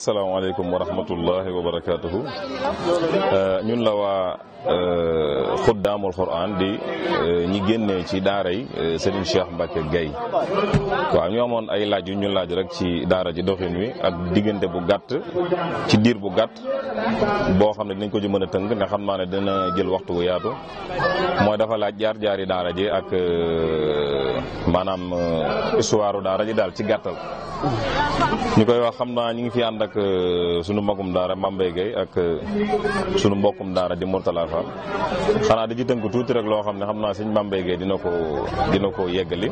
salaamaaleykum wa rahmatullahi wa euh, ñun la waa xuddaamul euh, Qur'an di euh, ñi génnee ci daara yi Serigne Cheikh Mbacke Gueye waaw ñu amoon ay laaj yu ñu laaj rek ci daara ji doxin wi ak diggante bu gàtt ci diir bu gàtt boo xam ne dañ ko ci mën a tënk ne xam naa ne dana jël waxtu bu yaatu mooy dafa laaj jaar jaari daara ji ak. maanaam euh, histoire daara ji daal ci gàttal. ñu koy wax xam naa ñu ngi fi ànd ak euh, sunu mbokkum daara Mbaye Gueye ak euh, sunu mbokkum daara di Mourtala fa xanaa di ci tënk tuuti rek loo xam ne xam naa sëñ Mbaye Gueye dina ko dina ko yeggali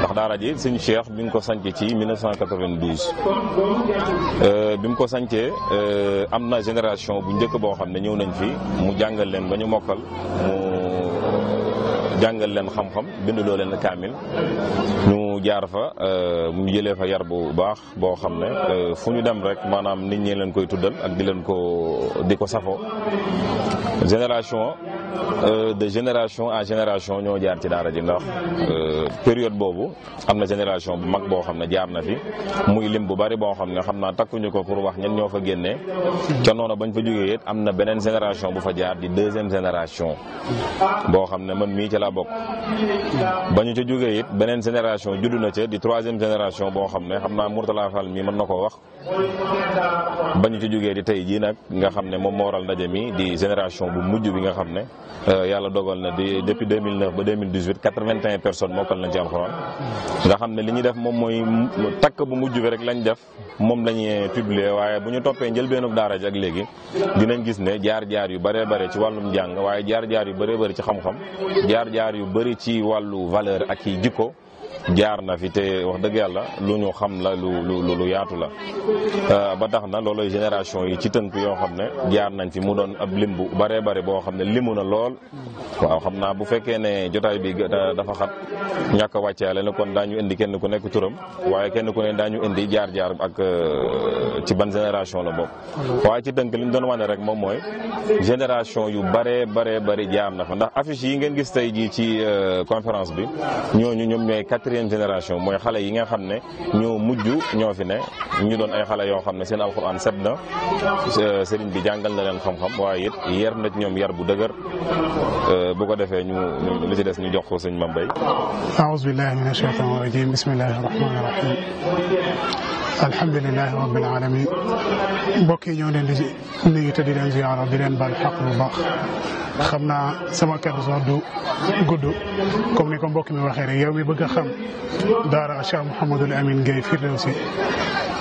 ndax daara ji sëñ Cheikh bi nga ko sanc ci 1992 bi mu ko sancee am na génération bu njëkk boo xam ne ñëw nañ fi mu jàngal leen ba ñu mokkal jàngal leen xam-xam binduloo leen kaamil ñu jaar fa ñu euh, jëlee fa yar bu baax boo xam ne euh, fu ñu dem rek maanaam nit ñi leen koy tuddal ak di leen ko di ko safo génération euh, de génération en génération ñoo jaar ci daara ji ndax période boobu am na génération bu mag boo xam ne jaar na fi muy lim bu bari boo xam ne xam naa takkuñu ko pour wax ñen ñoo fa génnee ca noonu bañ fa jógee it am na beneen génération bu fa jaar di deuxième génération boo xam laa bokk ba ñu ca jógee it beneen génération judd na ca di troisième génération boo xam ne xam naa Mourtala Fall mii mën na ko wax ba ñu ca jógee di tey jii nag nga xam ne moom moo waral ndaje mi di génération bu mujj bi nga xam ne euh, yàlla dogal na di depuis 2009 ba 2018 81 personnes mokkal nañ ci alxuraan nga xam ne li ñuy def moom mooy takk bu mujj bi rek lañ def moom la ñuy publier waaye bu ñu toppee njëlbeenu daara ji ak léegi dinañ gis ne jaar-jaar yu bëree bëri ci wàllum njàng waaye jaar-jaar yu bëree bëri ci xam jaar yu bëri ci wàllu valeur ak yi jikko jaar na fi te wax dëgg yàlla lu ñu xam la lu lu yaatu la euh, ba tax na loolooy génération yi ci tënk yoo xam ne jaar nañ fi mu doon ab lim bu baree bari boo xam ne limu na lool waaw xam na bu fekkee ne jotaay bi dafa xat ñàkk a wàcceele ne kon daañu indi kenn ku nekk turam waaye kenn ku ne daañu indi jaar-jaar ak euh, ci ban génération la bokk waaye ci tënk li ñu doon wane rek moom mooy génération yu baree baree bari jaar na fa ndax affiche yi ngeen gis tey jii ci euh, conférence quatrième génération mooy xale yi nga xam ne ñu mujj ñoo fi ne ñu doon ay xale yoo xam ne seen alxuraan set na sëriñ bi jàngal na leen xam-xam waaye it yar na ñoom yar bu dëgër euh, bu ko defee ñu li ci des ñu jox ko sëñ Mame Mbaye aouzu billahi mina shaytani rajim bismillahi rahmani rahim alhamdulilahi rabbil alamin mbokk yi ñoo leen di nuyu di leen ba di leen bu baax xam na sama kàddu sax du gudd ni ko mbokk mi waxee rek yow mi bëgg a xam daara Cheikh Mouhamadul Amine Gueye Firdawsi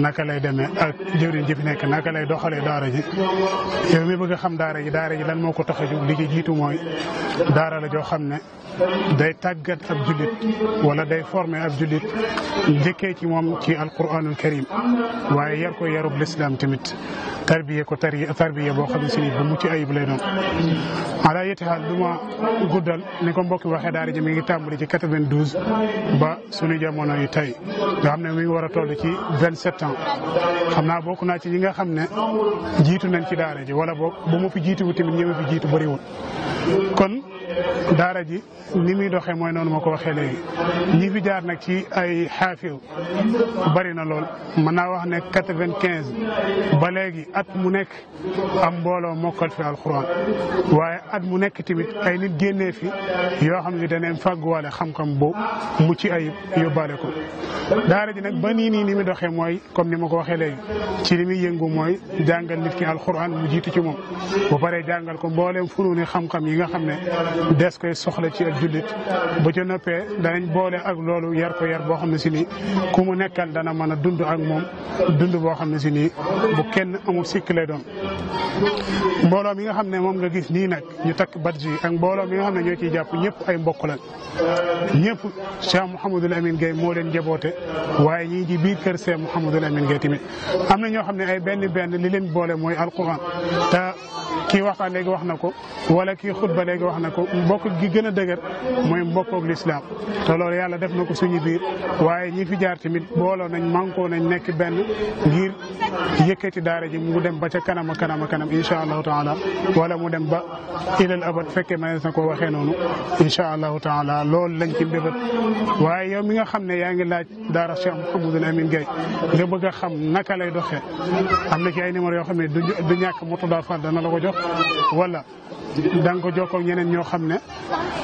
naka lay deme ak jëwriñ ji fi nekk naka lay doxalee daara ji yow mi bëgg xam daara ji daara ji lan moo ko tax li ci jiitu mooy daara la joo xam ne day tàggat ab jullit wala day forme ab jullit njëkkee ci moom ci alquranul karim waaye yar ko yarub lislaam tamit tarbiye ko tarbiye tarbiye boo xam ne si ni bu mucc ayib lay doon ala yetti xaal du ma guddal ni ko mbokki waxee daara ji mi ngi tàmbali ci 92 ba sunu jamono yi tay nga xam ne mi ngi war a toll ci 27 ans xam naa bokk naa ci ñi nga xam ne jiitu nan ci daara ji wala bo mu fi jiitu tamit ñi ma fi jiitu bëriwul kon daara ji ni muy doxee mooy noonu ma ko waxee léegi ñi fi jaar nag ci ay xaafiw bari na lool mën naa wax ne quatre vint quinze ba léegi at mu nekk am mbooloo mokkal fi alxuraan waaye at mu nekk tamit ay nit génnee fi yoo xam ne daneen fàgguwaale xam-xam bu mucc ayib yóbbaale ko daara ji nag ba nii nii ni muy doxee mooy comme ni ma ko waxee léegi ci li muy yëngu mooy jàngal nit ki alxuraan mu jiitu ci moom bu paree jàngal ko mboole funu ni xam-xam yi nga xam ne des koy soxla ci ak jullit bu ca noppee danañ boole ak loolu yar ko yar boo xam ne si ni ku mu nekkal dana mën a dund ak moom dund boo xam ne si ni bu kenn amul sikk lay doon mbooloo mi nga xam ne moom nga gis nii nag ñu takk badge yi ak mbooloo mi nga xam ne ñoo ciy jàpp ñëpp ay mbokk lañ ñëpp Cheikh Mouhamadul Amine Gueye moo leen jaboote waaye ñi ngi ci biir kër Cheikh Mouhamadul Amine Gueye tamit am na ñoo xam ne ay benn benn li leen boole mooy alquran kii waxtaan leegi wax na ko wala ki kii ba léegi wax na ko mbokk gi gën a dëgër mooy mbokkoog lislaam te loolu yàlla def na ko suñu biir waaye ñi fi jaar tamit booloo nañ mànkoo nañ nekk benn ngir yëkkati daara ji mu dem ba ca kanam a kanam a kanam incha allahu taala wala mu dem ba ilal abad fekkee mënees na ko waxee noonu incha allahu taala lool lañ ci mbébét waaye yow mi nga xam ne yaa ngi laaj daara Cheikh Mouhamadou Amine Gueye nga bëgg a xam naka lay doxee am na ci ay yoo xam ne du ñàkk Murtada Fall dana la ko jox voilà da nga ko jokkoo ñeneen ñoo xam ne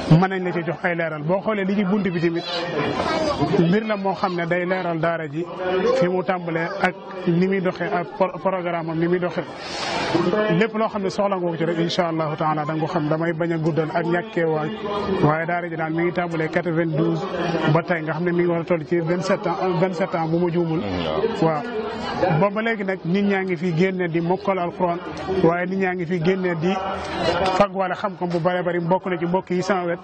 mën nañ la ci jox ay leeral boo xoolee li ci bunt bi tamit mbir la moo xam ne day leeral daara ji fi mu tàmbalee ak ni muy doxee ak programme am ni muy doxee lépp loo xam ne soxla nga ko ci rek incha allahu taala da nga ko xam damay bañ a guddal ak ñàkkee waaj waaye daara ji daan mi ngi tàmbalee quatre-vingt-douze ba tey nga xam ne mi ngi war a toll ci vingt-sept ans vingt-sept ans bu ma juumul waaw booba léegi nag nit ñaa ngi fi génne di mokkal alquran waaye nit ñaa ngi fi génne di fagwala xam-xam bu bare bari mbokk na ci mbokk yi sama wet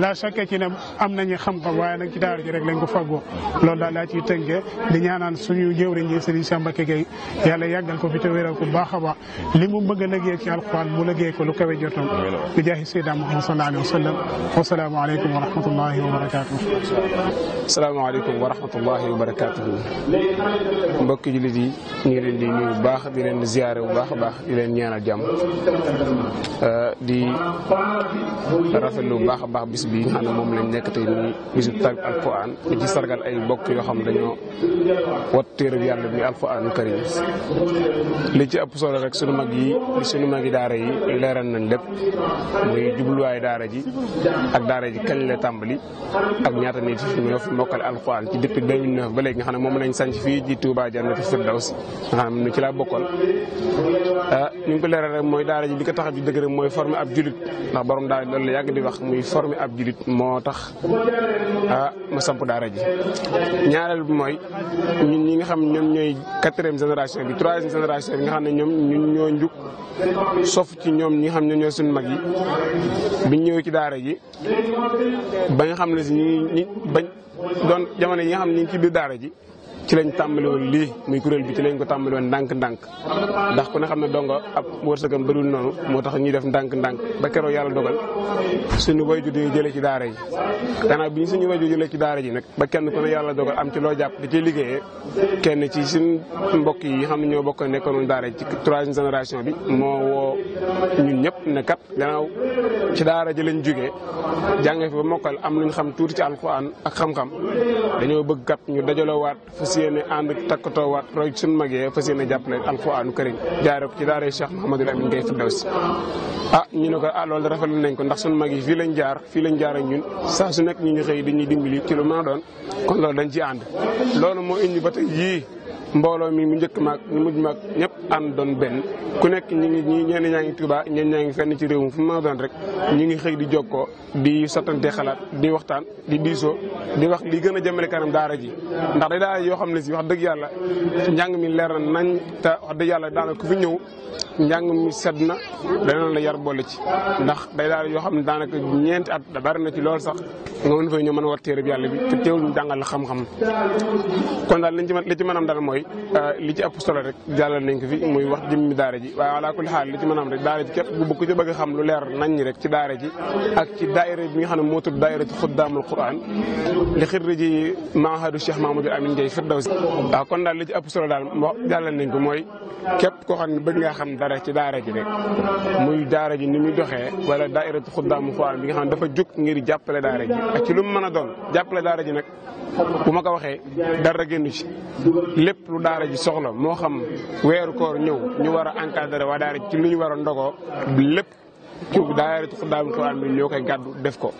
la chaque ci ne am nañu xam-xam waaye nag ci daara ji rek lañ ko faggoo loolu daal laa ciy tënkee di ñaanal suñu jëwriñ ji Serigne Samba Kege yàlla yàggal ko fi te wéral ko baax a li mu bëgg a liggéey ci alquran mu liggéey ko lu kawe jotam bi jaahi Seydina Muhammad sallallahu alayhi wa sallam wasalaamu aleykum wa rahmatullahi wa barakatuh asalaamaaleykum wa rahmatullahi wa barakatuhu mbokki jullit yi ñu ngi leen di nuyu baax di leen ziyaare bu baax a baax di leen ñaanal jàmm Euh, di rafetlu bu baax a baax bis bi nga xam ne moom lañ nekk tey nii bisu tarib alquran di ci sargal ay mbokk yoo xam dañoo wat téereb yàlla bi alquran karim li ci ëpp solo rek sunu mag yi sunu mag yi daara yi leeral nañ lépp muy jubluwaay daara ji ak daara ji kañ la tàmbali ak ñaata nit ñoo fi mokkal alquran ci depuis 2009 ba léegi nga ne moom lañ sanc fii ji Touba Jannatul Firdaws nga xam laa bokkoon euh, ñu ngi leeral rek mooy daara ji bi ko tax a ju mooy former ab julit ndax borom daal loolu la yàgg di wax muy former ab julit moo tax ah ma samp daara ji. ñaareel bi mooy ñun ñi nga xam ñoom ñooy quatrième génération bi troisième génération bi nga xam ne ñoom ñu ñoo njuk sof ci ñoom ñi nga xam ne ñoo suñu mag yi biñ ñëwee ci daara ji ba nga xam ne si ñi bañ doon jamono yi nga xam ne ci biir daara ji. ci lañ tàmbali lii muy kuréel bi ci lañ ko tàmbali ndànk-ndànk ndax ku ne xam ne donga ab wërsëgam bëriwul noonu moo tax ñuy def ndànk-ndànk ba keroo yàlla dogal suñu wayjur yi jëlee ci daara yi gannaaw bi ñu suñu wayjur jëlee ci daara ji nag ba kenn ku ne yàlla dogal am ci loo jàpp di ci liggéeyee kenn ci suñ mbokk yi xam ne bokk nekkoon daara ci troisième génération bi moo woo ñun ñëpp ne kat ci daara ji lañ jógee jànge fi ba mokkal am luñ xam tuuti ci alquran ak xam-xam dañoo bëgg kat ñu dajalowaat fas yéene ànd takkatoowaat roy suñ mag yee fas yéene jàppale alquranu karim jaare ko ci daara Cheikh Mahamadul Amin Gaye Firdawsi ah ñu ne ko ah loolu rafetlu nañ ko ndax suñ mag yi fii lañ jaar fii lañ jaar ak ñun saa su nekk ñu ngi xëy dañuy dimbali ci lu mën a doon kon loolu dañ ci ànd loolu moo indi ba tey yii mbooloo mi mu njëkk maag ñu mujj maag ñëpp an doon benn ku nekk ñi ngi ñi ñenn ñaa ngi Tuuba ñenn ñaa ngi fenn ci réew mi fu ma doon rek ñu ngi xëy di jokkoo di te xalaat di waxtaan di diisoo di wax li gën a jëmale kanam daara ji ndax day daara yoo xam ne si wax dëgg yàlla njàng mi leer na nañ te wax dëgg yàlla daanaka ku fi ñëw njàng mi sedd na danañ la yar bo ci ndax day daal yoo xam ne daanaka ñeenti at da bari na ci lool sax nga mën fay ñoo a war téere bi yàlla bi te teewul ñu jàngal la xam-xam kon daal liñ ci mën li ci mën am daal mooy euh, li ci ëpp solo rek jàllal nañ ko fi muy wax jëmmi daara ji waaye alaa kulli xaal li ci mën am rek daara ji képp bu bëgg ci bëgg xam lu leer nañ ñi rek ci daara ji ak ci daaira bi quran li xirri ji mahadu Cheikh Mamadou Amine Ndiaye Firdawsi waaw kon daal li ci ëpp solo daal jàllal nañ ko mooy képp koo nga xam dara ci daara ji rek muy daara ji ni muy doxee wala daairatu xuddaamu foire bi nga xam ne dafa jóg ngir jàppale daara ji ak ci lu mu mën a doon jàppale daara ji nag bu ma ko waxee dara génnu ci lépp lu daara ji soxla moo xam weeru koor ñëw ñu war a wa waa daara ji ci lu ñu war a lépp ci daayiratu xuddaamul Quraan bi ñoo koy gàddu def ko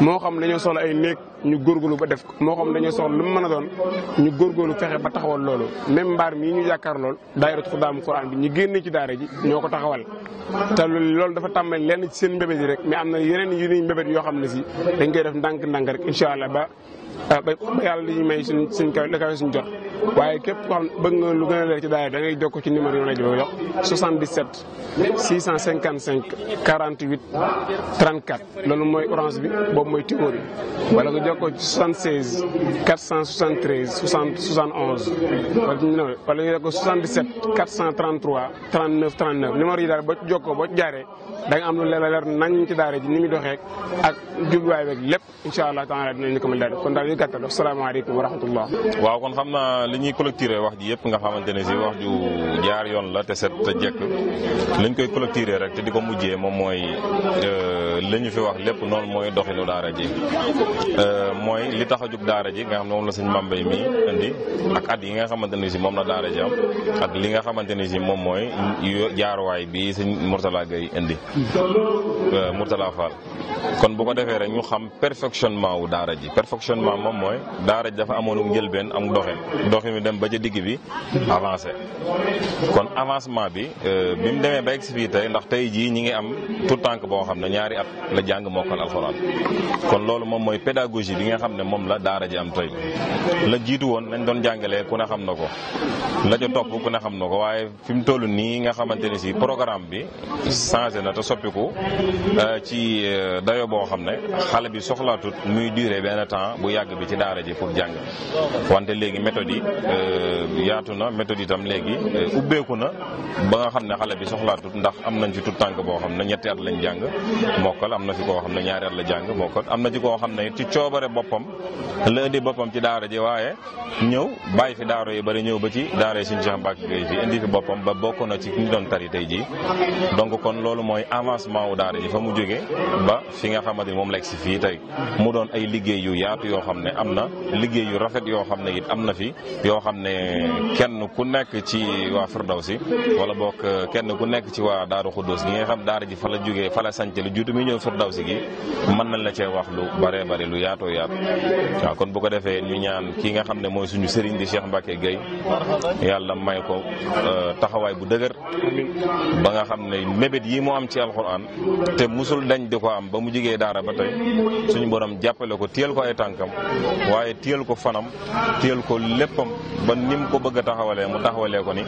moo xam dañoo soxla ay néeg ñu góorgóorlu ba def ko moo xam dañoo soxla lu mu mën a doon ñu góorgóorlu fexe ba taxawal loolu même mbaar mii ñu yaakaar lool daayiratu xuddaamul Quraan bi ñu génnee ci daara ji ñoo ko taxawal te loolu dafa tàmbali lenn ci seen mbébét yi rek mais am na yeneen yu niñ mbébét yoo xam ne si dañ koy def ndànk-ndànk rek incha allah ba ah, ba yàlla li ñu may suñ suñ kaw la kaw suñ jot waaye képp koo xam bëgg nga lu gën a leer ci daara da ngay jokkoo ci numéro yi ma lay jox 77 655 48 34 loolu mooy bi boobu mooy Tigo bi wala nga jokkoo ci 76 473 60 71 wala nga jokkoo 77 433 39 39 numéro yi daal boo ci jokkoo boo jaaree da nga am lu leer leer nañ ci daara ji ni muy doxee ak jubluwaay beeg lépp incha allah taala dinañ ko mën daal kon daal yu gàttal asalaamaaleykum wa rahmatullah waaw kon xam naa li ñuy wax ji yëpp nga xamante ne si wax ju jaar yoon la te set te jekk liñ koy collecté rek te di ko mujjee mooy euh, li ñu fi wax lépp noonu mooy doxinu daara ji euh, mooy li taxa a jug daara ji nga xam ne moom la sëñ Mambay mi indi ak at yi nga xamante ne si moom la daara ji am ak li nga xamante ne si moom mooy jaaruwaay bi sëñ Mourtala Gueye indi euh, Mourtala Fall kon bu ko defee rek ñu xam perfectionnement wu daara ji perfectionnement moom mooy daara ji dafa amoon njëlbeen am doxin doxin dem ba digg bi avancé kon avancement bi bi mu demee ba egsi tey ndax tey jii ñi ngi am tout tànk boo xam ne ñaari at la jàng mokkal alxuraan kon loolu moom mooy pédagogie bi nga xam ne moom la daara ji am tey la jiitu woon lañ doon jàngalee ku ne xam na ko la ca topp ku ne xam na ko waaye fi mu toll nii nga xamante ne si programme bi changé na te soppiku euh, ci euh, dayo boo xam ne xale bi soxlaatut muy duré benn temps bu yàgg bi ci daara ji pour jàng wante léegi méthode yi euh, yaatu na méthode itam léegi ubbeeku na ba nga xam ne xale bi soxlaatut ndax am ñetti at lañ jàng mokkal am na fi koo xam ne ñaari ci coobare boppam la indi boppam ci daara ji waaye ñëw bàyyi fi daaro yi bari ñëw ba ci daara yi suñu Cheikh Mbacke Gueye fi indi fi boppam ba bokk na ci ñu doon tari tey jii donc kon loolu mooy avancement daara ji fa mu jógee ba fi nga xamante ni moom la si fii tey mu doon ay liggéey yu yaatu yoo xam ne am na liggéey yu rafet yoo xam ne it am na fi yoo xam ne kenn ku nekk ci waa Firdawsi wala bokk fa la jógee fa la sanc lu juutu mi ñëw firdawsi gi man nañ la cee wax lu bare bare lu yaato yaatu waaw kon bu ko defee ñu ñaan ki nga xam ne mooy suñu sëriñ di seex Mbacke Gueye yàlla may ko euh, taxawaay bu dëgër ba nga xam ne mébét yi mu am ci alxuraan te musul dañ di ko am ba mu jigee daara ba tey suñu borom jàppale ko tiyel ko ay tànkam waaye téyal ko fanam téyal ko léppam ba nim ko bëgg a taxawalee mu taxawalee ko ni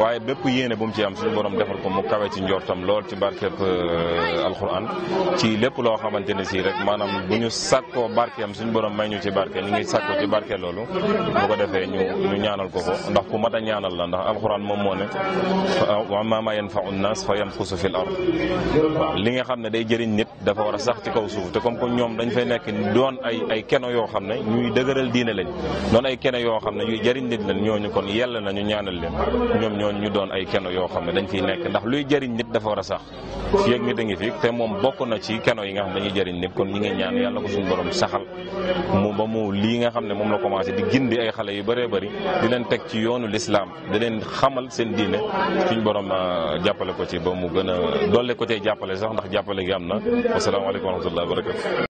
waaye bépp yéene bu mu ci am suñu defal ko mu kawe ci njortam lool ci barkeb Euh, alquran ci lépp loo xamante ne si rek maanaam bu ñu sàkkoo barkeem suñu borom may ñu ci barke ñu ngi sàkkoo ci barke loolu bu ko defee ñu ñu ñaanal ko ko ndax ku mat a ñaanal la ndax alquran moom moo ne wa ammaa maa yanfa'u nnaas fa yamkusu fil ard waaw li nga xam ne day jëriñ nit dafa war a sax ci kaw suuf te comme que ñoom dañ fay nekk doon ay ay keno yoo xam ne ñuy dëgëral diine lañ doon ay keno yoo xam ne ñuy jëriñ nit lañ ñu kon yell nañu ñaanal leen ñoom ñooñu ñu doon ay keno yoo xam ne dañ fiy nekk ndax luy jëriñ nit dafa war a sax fii ak ngi fi te moom bokk na ci keno yi nga xam dañuy jëriñ nit kon ñi ngi ñaan yàlla ko suñu borom saxal mu ba mu lii nga xam ne moom la commencé di gindi ay xale yu bëree bari di leen teg ci yoonu lislaam di leen xamal seen diine suñu borom euh, jàppale ko ci ba mu gën a dolle ko cee jàppale sax ndax jàppale gi am na wasalaamaaleykum wa rahmatullahi wa